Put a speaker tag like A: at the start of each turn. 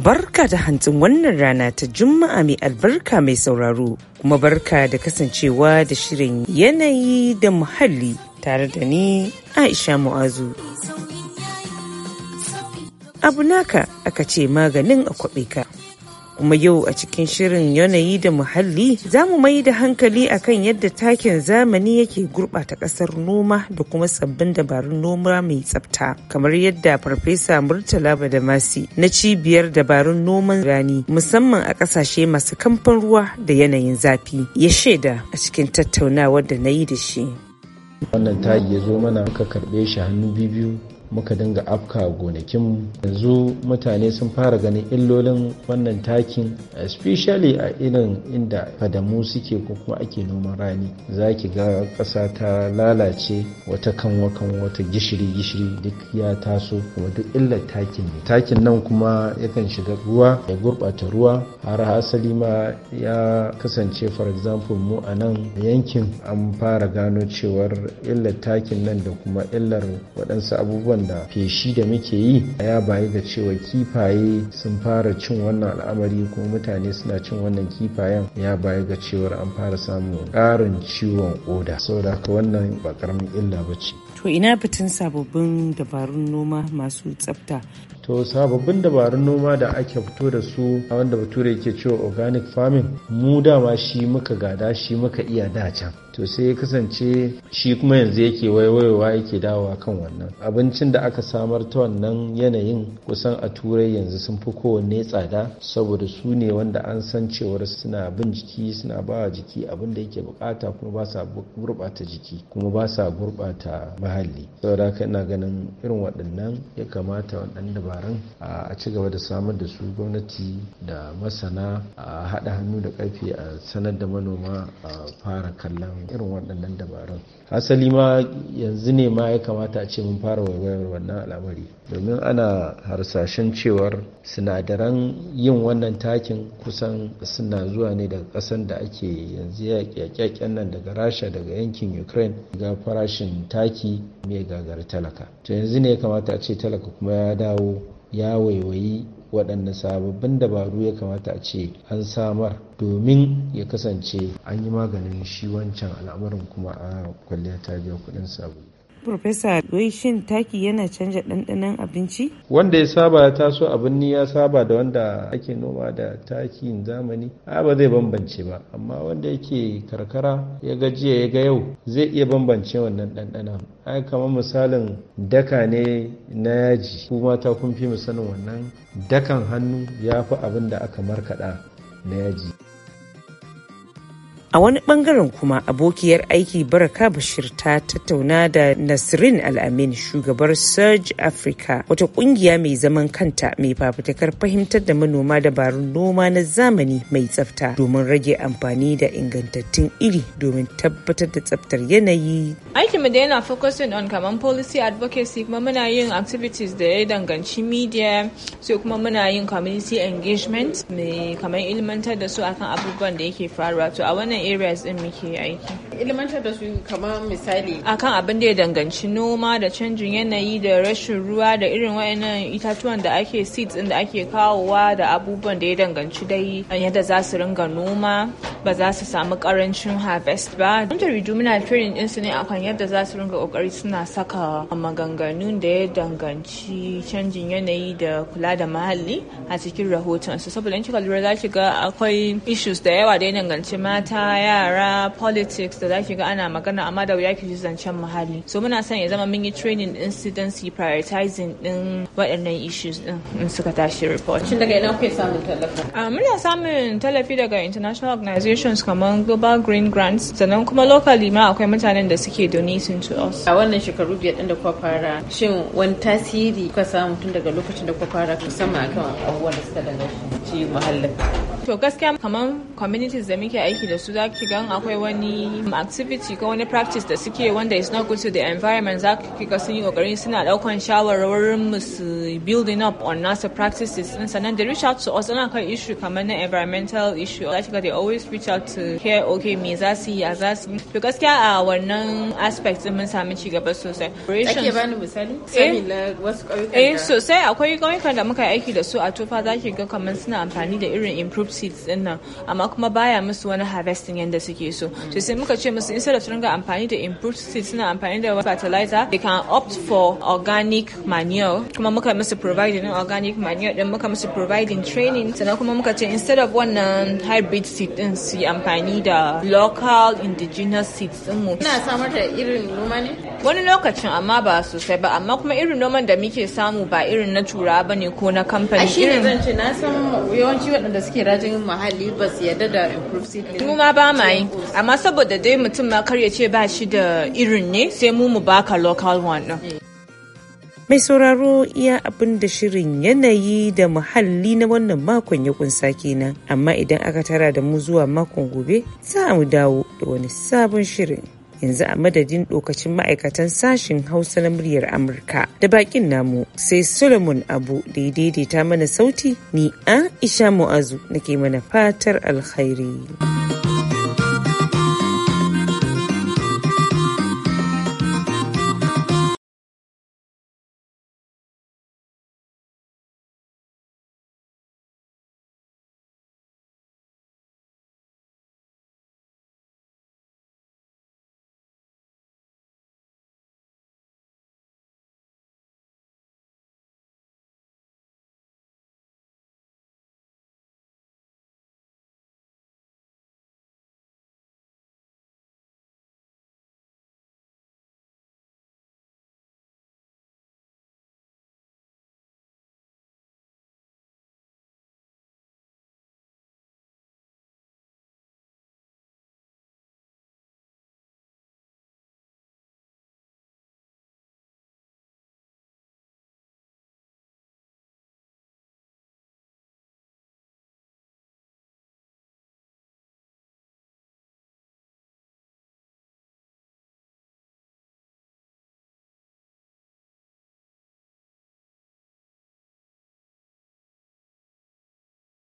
A: barka da hantsin wannan rana ta Juma'a mai albarka mai sauraro, kuma barka da kasancewa da shirin yanayi da muhalli tare da ni Aisha Mu'azu. Abu naka aka ce maganin a kwaɓeka. ka. kuma yau a cikin shirin yanayi da muhalli za mu mai da hankali akan yadda takin zamani yake gurɓata ƙasar noma da kuma sabbin dabarun noma mai tsafta kamar yadda farfesa murtala badamasi na cibiyar dabarun noman rani musamman a ƙasashe masu kamfan ruwa da yanayin zafi ya shaida a cikin tattaunawar da na yi da shi
B: wannan taki ya zo mana muka karɓe shi hannu biyu muka dinga afka gonakin yanzu mutane sun fara ganin illolin wannan takin especially a irin inda fadamu suke ko kuma ake noman rani za ki ga ƙasa ta lalace wata kanwa kan wata gishiri gishiri duk ya taso kuma duk illar takin ne takin nan kuma yakan shiga ruwa ya gurɓata ruwa har asali ma ya kasance for example mu a nan yankin an fara gano cewar illar takin nan da kuma illar waɗansu abubuwan abubuwan da feshi da muke yi ya bayi da cewa kifaye sun fara cin wannan al'amari kuma mutane suna cin wannan kifayen ya bayi da cewar an fara samun ƙarin ciwon oda saboda haka wannan ba ƙaramin illa ba ce
A: To ina fitin sababbin dabarun noma masu tsafta.
B: To sababbin dabarun noma da ake fito da su a wanda bature yake cewa organic farming mu dama shi muka gada shi muka iya dace to sai ya kasance shi kuma yanzu yake waiwayowa yake dawowa kan wannan abincin da aka samar ta wannan yanayin kusan a turai yanzu sun fi kowanne tsada saboda su ne wanda an san cewar suna bin jiki suna bawa jiki abin da yake bukata kuma ba sa gurɓata jiki kuma ba sa gurɓata muhalli saboda haka ina ganin irin waɗannan ya kamata waɗannan dabarun a ci gaba da samar da su gwamnati da masana a haɗa hannu da ƙarfi a sanar da manoma a fara kallon irin waɗannan dabarun asali ma yanzu ne ma ya kamata a ce mun fara waiwayar wannan al'amari domin ana harsashen cewar sinadaran yin wannan takin kusan suna zuwa ne daga kasan da ake yanzu yaƙyaƙyaƙen nan daga rasha daga yankin ukraine ga farashin taki mai gagari talaka to yanzu ne ya kamata a ce talaka kuma ya dawo ya waiwayi waɗanne sababbin dabaru ya kamata a ce an samar domin ya kasance an yi maganin shi wancan al'amarin kuma a kwalliya ta biya kuɗin sabulu
A: Profesa wai shin taki yana canja ɗanɗanon abinci?
B: Wanda ya saba ya taso abin ni ya saba da wanda ake noma da takin zamani a ba zai bambance ba amma wanda yake karkara ya ga jiya ya ga yau zai iya bambance wannan ɗanɗana. Ai kamar misalin daka ne na yaji kuma ta kun fi sanin wannan dakan hannu ya fi abin da aka markaɗa na yaji. A wani
A: bangaren kuma abokiyar aiki Baraka Bashir ta tattauna da Nasrin Al'amin shugabar Surge Africa wata kungiya mai zaman kanta mai fafutukar fahimtar da manoma dabarun noma na zamani mai tsafta domin rage amfani da ingantattun iri domin tabbatar da tsaftar yanayi.
C: Aikinmu da yana focusing on kaman policy advocacy kuma muna yin activities da ya danganci media sai kuma muna yin community engagement mai kaman ilmantar da su akan abubuwan da yake faruwa to a wannan areas in muke aiki ilmantar da su kamar misali akan abin da ya danganci noma da canjin yanayi da rashin ruwa da irin wayannan itatuwan da ake seeds da ake kawowa da abubuwan da ya danganci dai yadda za su ringa noma ba za su samu karancin harvest ba don jaridu muna firin din su ne akan yadda za su ringa kokari suna saka maganganun da ya danganci canjin yanayi da kula da muhalli a cikin rahoton su saboda in kika lura za ki ga akwai issues da yawa da ya danganci mata yara politics da za ki ga ana magana amma da wuya ki ji zancen muhalli so muna son ya zama mun yi training din students prioritizing din waɗannan issues din in suka tashi report shin daga ina kuke samun tallafi ah, muna samun tallafi daga international organizations kamar global green grants sannan kuma locally ma akwai mutanen da suke donating to us a wannan shekaru biyar din da kuka fara shin wani tasiri kuka samu tun daga lokacin da kuka fara musamman akan abubuwan da suka danganci muhallin To gaskiya kamar communities da muke aiki da su za ki gan akwai wani activity ko wani practice da suke wanda is not good to the environment zaki ga sun yi kokarin suna daukan shawarwarin musu building up on nasu practices din sannan they reach out to us ana kan issue kamar na environmental issue za ki ga they always reach out to care okay me za su yi a za su to gaskiya a wannan aspect mun samu ci gaba sosai. Ake bani misali? Sani eh. na wasu ƙauyukan eh, da? Eh sosai akwai ƙauyukan da muka aiki da su a tufa zaki ga kamar suna amfani da irin improved seeds din nan amma kuma baya musu wani harvesting yadda suke so to sai muka ce musu instead of ringa amfani da improved seeds suna amfani da fertilizer they can opt for organic manure kuma muka musu providing organic manure din muka musu providing training sannan kuma muka ce instead of wannan hybrid seed din su amfani da local indigenous seeds din mu. Ina samar da irin noma ne? wani lokacin amma ba sosai ba amma kuma irin noman da muke samu ba irin na turawa bane ko na kamfani irin zan ce na san yawanci waɗanda suke rajin muhalli ba su yarda da improve seedling mu ma ba ma yi amma saboda dai mutum ma kar ya ce ba shi da irin ne sai mu mu baka local one din eh.
A: mai sauraro iya abin da shirin yanayi da muhalli na wannan makon ya kunsa kenan amma idan aka tara da mu zuwa makon gobe za mu dawo da wani sabon shirin yanzu a madadin ɗokacin ma'aikatan sashen hausa na muryar amurka da bakin namu sai solomon abu da ya daidaita mana sauti ni aisha mu'azu nake mana fatar alkhairi.